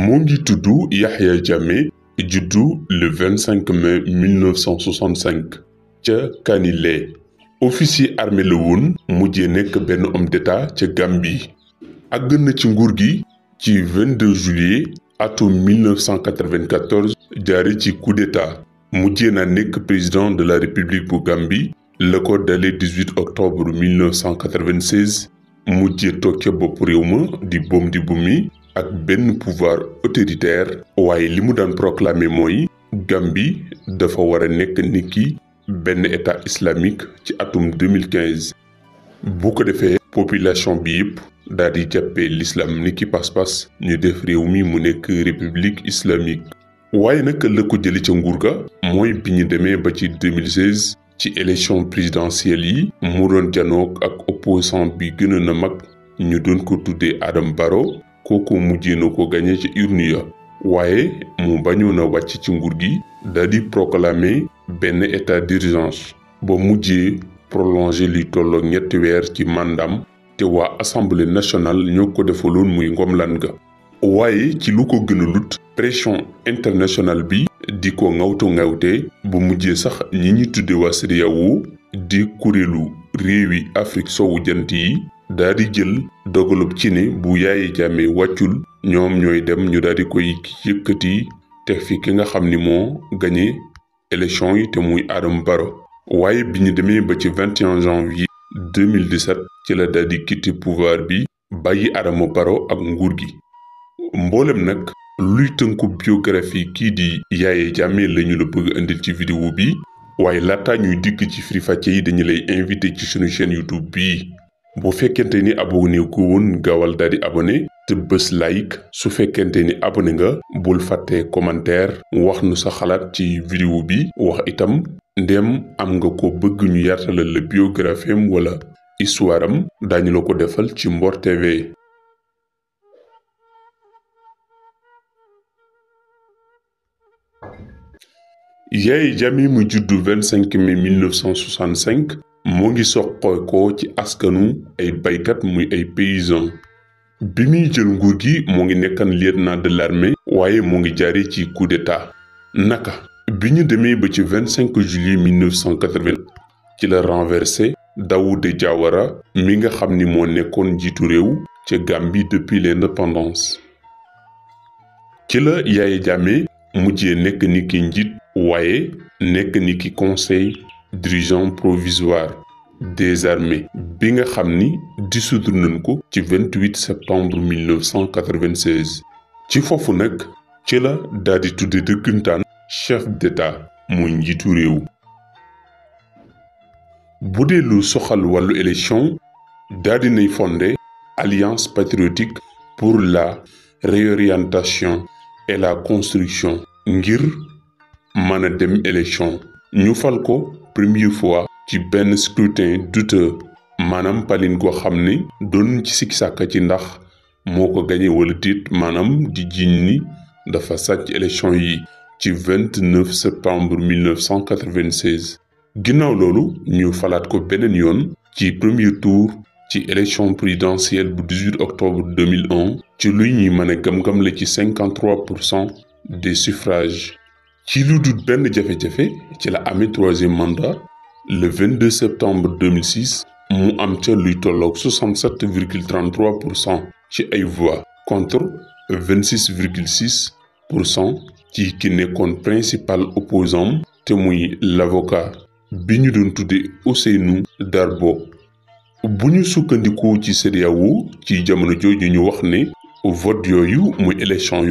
Mondi Toudou Yahya Jame le 25 mai 1965 Tia Kanilé. officier armé de l'ONU, nek est homme d'état ca Gambie Il 22 juillet 1994 Jari ci coup d'état mujjee président de la république de Gambie le code 18 octobre 1996 mujjee Tokyo ca du di ak benn pouvoir autoritaire waaye li mu daan proclamer mooy Gambie dafa war a nekk ni ki benn état islamique ci atum 2015 bu ko defee population bi yëpp daal di jàppee l'islam ni ki pas-pas ñu def réew mi mu nekk république islamique waaye nag la ko jëli ca nguur ga mooy bi ñu demee ba ci 2016 ci élection présidentielle yi mu doon janook ak opposant bi gënoon na mag ñu doon ko tuddee aadam baro kooku mujjee na ko gañe ca urne ya waaye mu bañoon a wàcc ci nguur gi daldi proclamer benn état d'urgence ba mujjee prolonger li tollook ñetti weer ci mandam te waa assemblée nationale ñoo ko defaloon muy ngomlan ga waaye ci lu ko gën lut pression internationale bi di ko ngawtu ngawte bu mujjee sax ñi ñu tudde waa CEDEAO di kuréelu réewi Afrique soowu jant yi daldi jël dogalub ci ne bu yaaye jàmme wàccul ñoom ñooy dem ñu daldi koy yëkkati te fi ki nga xam ni moo gañe élection yi te muy Adama Barrow waaye bi ñu demee ba ci 21 janvier 2017 ci la daldi quitter pouvoir bi bàyyi Adama Barrow ak nguur gi mboolem nag luy tënku biographie kii di Yaya Jammeh lañu la bëgg indil ci vidéo bi waaye laata ñuy dikk ci firi fàcce yi dañu lay invité ci sunu chaîne YouTube bi bu fekkente ni abonné ku woon gaawal daal di te bés like su fekkente ni abonné nga bul fàtte commentaire wax nu sa xalaat ci vidéo bi wax itam ndem am nga ko bëgg ñu yartalal la biographie am wala histoire am daañu la ko defal ci mborte TV. yaay jami mu juddu 25 mai 1965 moo ngi soqeekoo ci askanu ay baykat muy ay paysan bi muy jël nguur gi mu ngi nekkan lieutenant de l'armée waaye mu ngi jaaree ci coup d'état naka bi ñu demee ba ci 25 juillet 1980 ci la renversé dawude Diawara mi nga xam ni moo nekkoon njiitu réew ca Gambie depuis l'indépendance ci la Yaya Jammeh mujjee nekk ni njiit Waye Nek ni ki conseil dirigeant provisoire des armées bi nga été dissoudre 28 septembre 1996 ci fofu nak ci la chef d'état muy njitu rew budé lu soxal walu élection daldi nay fondé alliance patriotique pour la réorientation et la construction ngir mana dem élection ñu fal ko première fois ci Ben scrutin douteux manam palin go xam donne doon ci sikki ci ndax moko ko wala tit manam di dafa élection yi 29 septembre 1996 ginnaaw lolu ñu falat ko benen yoon ci premier tour ci l'élection présidentielle du 18 octobre 2001 ci luy ñi mané a 53 des suffrages ci vous benn jafe ci la troisième mandat le 22 septembre 2006 mu am ca luy tolloog voix contre 26,6%, qui principal opposant te l'avocat bi ñu doon Darbo bu ñu ci CEDEAO ci jamono jooju ñu vote élection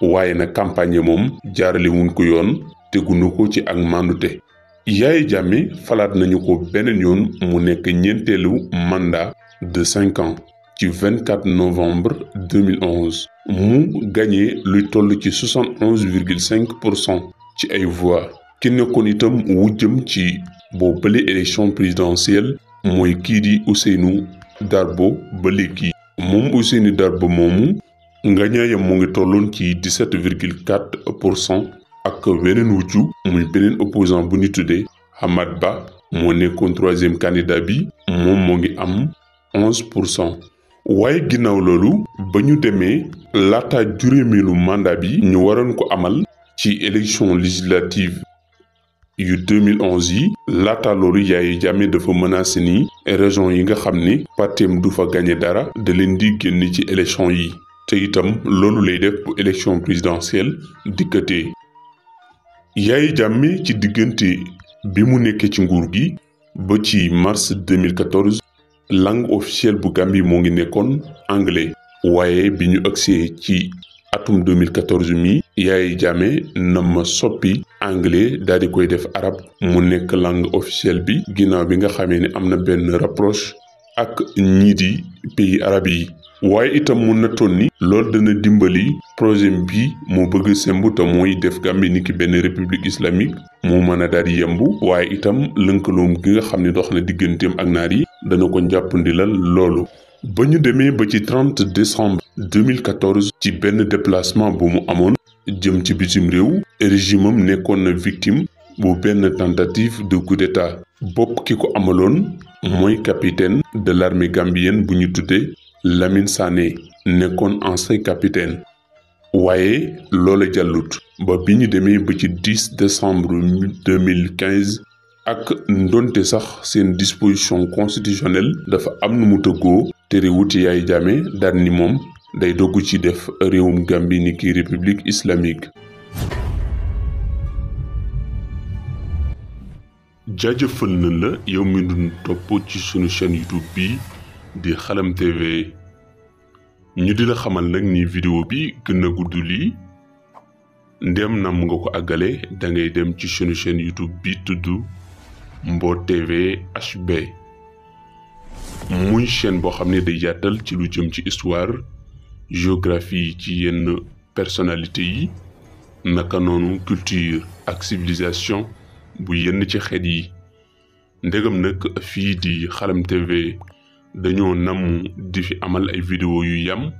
waaye nag campagne moom jaarale wuñ ko yoon tegunu ko ci ak mandute Yaya Jammeh falaat nañu ko beneen yoon mu nekk ñeenteelu mandat de cinq ans ci 24 novembre 2011 mu gagné luy toll ci 71 virgule 5 pour cent ci ay voix ki nekkoon itam wujjëm ci boo bële élection présidentielle mooy kii di Ousseynou Darbo ba léegi moom Ousseynou Darbo moomu ngañaayam mu ngi tolloon ci 17 virgule 4 pour cent ak weneen wujju muy beneen opposant bu ñu tuddee Hamad Ba moo nekkoon troisième candidat bi moom moo ngi am pour cent waaye ginnaaw loolu ba ñu demee laata juróomeelu mandat bi ñu waroon ko amal ci élection législative yu 2011 yi laata loolu Yahya Jammeh dafa menacé ni région yi nga xam ne partem du fa gagné dara da leen di génne ci élection yi te itam loolu lay def bu élection présidentielle dikkatee. Yahya Jammeh ci diggante bi mu nekkee ci nguur gi ba ci mars 2014 langue officielle bu Gambie moo ngi nekkoon anglais waaye bi ñu agsee ci atum 2014 mi Yahya Jammeh na ma soppi anglais daal di koy def arab mu nekk langue officielle bi ginnaaw bi nga xamee ni am na benn rapproche ak ñii di arab yi. waaye itam mun na ton ni lool dana dimbali projet bi moo bëgg sembu te mooy def Gambie ni ki benn république islamique moo mën a daal di yemb waaye itam lënkaloom gi nga xam ni dox na digganteem ak naar yi dana ko njàppandilal loolu ba ñu demee ba ci 30 décembre 2014 ci benn déplacement bu mu amoon jëm ci bitim réew régime am nekkoon na victime bu benn tentative de coup d'état bopp ki ko amaloon mooy capitaine de l'armée gambienne bu ñu tuddee Lamine Sané nekkoon ancien capitaine waaye loola jàllut ba bi ñu demee ba ci 10 décembre 2015 ak ndonte sax seen disposition constitutionnelle dafa am nu mu tëggoo terewut Yaya Jammeh daan ni moom day dogg ci def réewum Gambie ni ki république islamique. jaajëfal ci sunu chaîne YouTube di xalam TV ñu di la xamal nag ni vidéo bi gën a gudd lii na mu nga ko àggale dangay dem ci sunu chaîne YouTube bi tudd Mboot TV HB muy chaîne boo xam ne day yaatal ci lu jëm ci histoire géographie ci yenn personnalité yi naka noonu culture ak civilisation bu yenn ci xeet yi ndegam nag fii di xalam TV dañoo namm di fi amal ay vidéo yu yam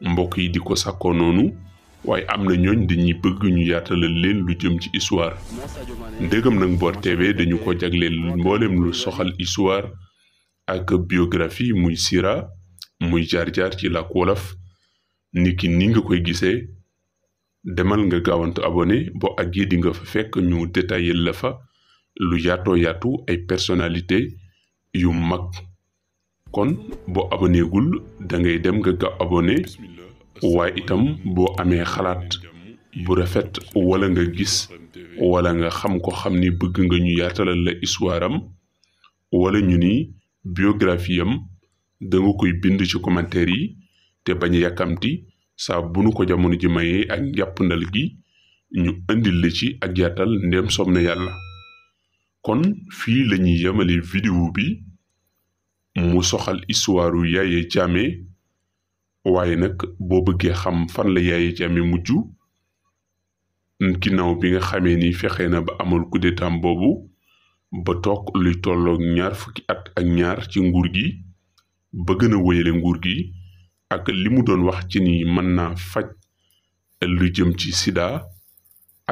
mbokk yi di ko sakkoo noonu waaye am na ñooñ dañuy bëgg ñu yaatalal leen lu jëm ci histoire ndegam nag Mboor TV dañu ko jagleel mbooleem lu soxal histoire ak biographie muy sira muy jaar-jaar ci làkk wolof ni ki ni koy gisee demal nga gaawantu abone boo ak yi di nga fa fekk ñu détaillé la fa lu yaatoo yaatu ay personnalité yu mag kon boo abonné gul dem nga ga abonné waaye itam boo amee xalaat bu rafet wala nga gis wala nga xam ko xam ni bëgg nga ñu yaatalal la histoire wala ñu ni biographie am da koy bind ci commentaire yi te bañ a yàkkamti saa bu nu ko jamono ji mayee ak njàppandal gi ñu indil la ci ak yaatal ndem sob na yàlla kon fii lañuy yemale vidéo bi mu soxal histoire Yaya Jammeh waaye nag boo bëggee xam fan la Yaya Jammeh mujj ginnaaw bi nga xamee ni fexe na ba amul coup d'état boobu ba toog luy tolloog ñaar fukki at ak ñaar ci nguur gi bëgg na a nguur gi ak li mu doon wax ci ni mën naa faj lu jëm ci sida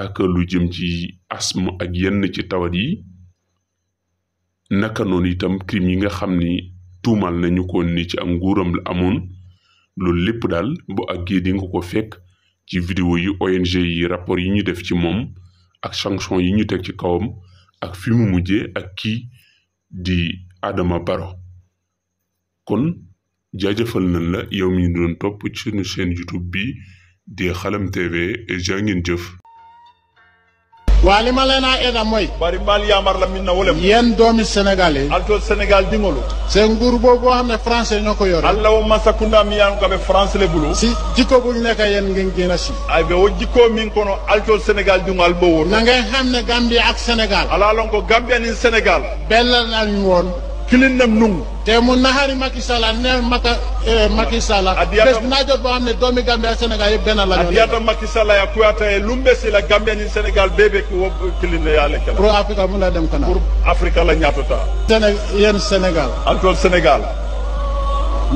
ak lu jëm ci asthme ak yenn ci tawat yi naka noonu itam crime yi nga xam ni tuumal nañu ko ni ci am nguuram la amoon loolu lépp daal bo ak di nga ko fekk ci vidéo yi ONG yi rapport yi ñu def ci moom ak sanction yi ñu teg ci kawam ak fi mu mujjee ak kii di Adama Barrow kon jaajëfal nañ la yow mi ñu doon topp ci sunu chaîne YouTube bi di Xalam TV jaa ngeen jëf waa li ma leen a eda mooy bari mbaal yaamarla min na wolem yéen doomi Sénégal yi altoo Sénégal diŋolu c'est nguur boobu xam ne français ñoo ko yore alla wo masakunda mi ka be français le bulu si jikko bu ñu nekk yéen ngeen gën si ay be wo jikkoo min kono altoo Sénégal diŋo al bo woto na ngeen xam ak Sénégal ala lon ko Gambie ni Sénégal bellal nañu woon kilinam nungu te mu nahari Macky Sall ne maka Macky Sall bés bi naa jot boo xam ne doomi Gambia senegal Sénégal e yëpp benn la adiyata Macky Sall ya kuyata ye lumbe si la Gambia ni Sénégal bébé ku wo kilinde yaa lekk la pour Afrique mu la dem kana pour Afrique la ñaatuta Séné yéen Sénégal antol Sénégal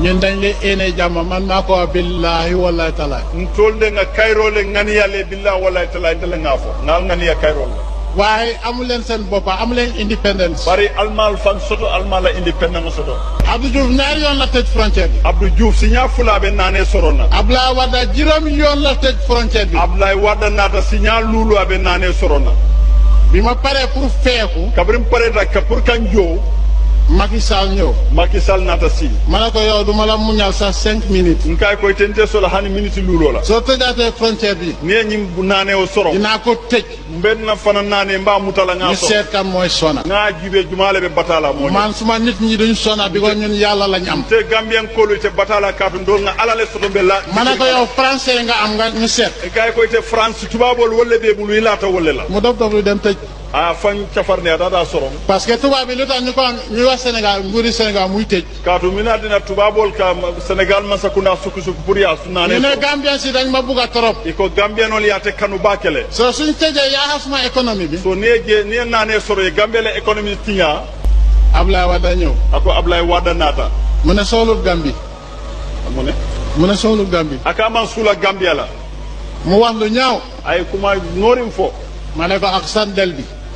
ñun dañ le ene jàmm man maa ko billahi wallahi taala ntol de nga ngani nganiyale billahi wallahi taala ndele ngaa fo ngal ngani ya kayrole waaye amu leen seen boppa amu leen indépendance. bari alma fan soto alma la indépendance soto. Abdou Diouf ñaari yoon la tëj frontière bi. Abdou Diouf si ñaar wada naanee soroon na. Abdoulaye Wade juróomi yoon la tëj frontière bi. Abdoulaye Wade naata si ñaar luuluwaabe naanee soroon na. bi ma paree pour feeku. mu paree pour kañ Macky Sall ñëw Macky Sall naata sii ma ne ko yow du ma la muñal sax cinq minutes n kaay koy hani minute luuloo la soo tëjaatee frontière bi nee ñi naanee o soro dinaa ko tëj mbenn na fana naanee mbaa mutala ngaa so ñu seet kan mooy sona ngaa jibee jumaale be bataala moo man suma nit ñi duñ sona bi ko ñun yàlla lañ am te gambien kóolu te bataala nga alale soto be la ma ne ko yow français nga am nga ñu seet kaay koy te france tubaabool la mu dof dof Ah, a fañ cafarne aɗaɗa soron par ce que tubaɓe lu tax ñu ko ñuy wax sénégal nguuri sénégal muy tej kaatu mina dina tubabol ka sénégal man sakunda suku suku pour ya sunane ne gambien si ma buga torop iko gambien ol yaate kanu bakele so suñ teje ya hasma économie bi so ne je ne nane soro e gambele économie tiña ablaye wada ñew ako ablaye wada naata mu ne soolul gambi mu ne ne soolul gambi aka man suula gambia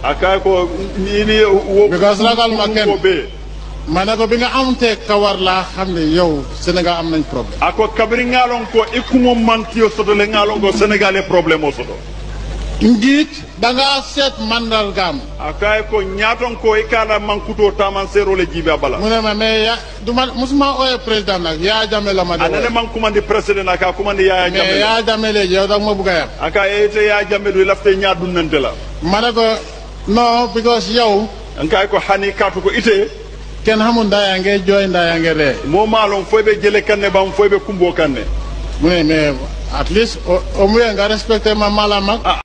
akako ini wo because ragal ma kenn ma ne ko bi nga amtee kawar laa xam ne yow Sénégal am nañ problème ako kabiri ngaalon ko i kumo mantiyo soto le ngaalon ko Sénégal e problème soto njiit dangaa seet mandargaam a kaye ko ñaaton ko i kaala mankutoo taaman le jiibe a bala mu ne ma mais ya duma musuma ooye président nag yaa jame la ma de anane man commandi président a kaa commandi yaa jame mais yaa jame léegi yow ma bugga yam a kaa ete yaa jame no because yow nkay ko hani katu ko ite ken hamu ndayange joy ndayange le mo malon foybe jele kanne bam foybe kumbo kanne mune me at least o, o nga respecté ma mala mak ah,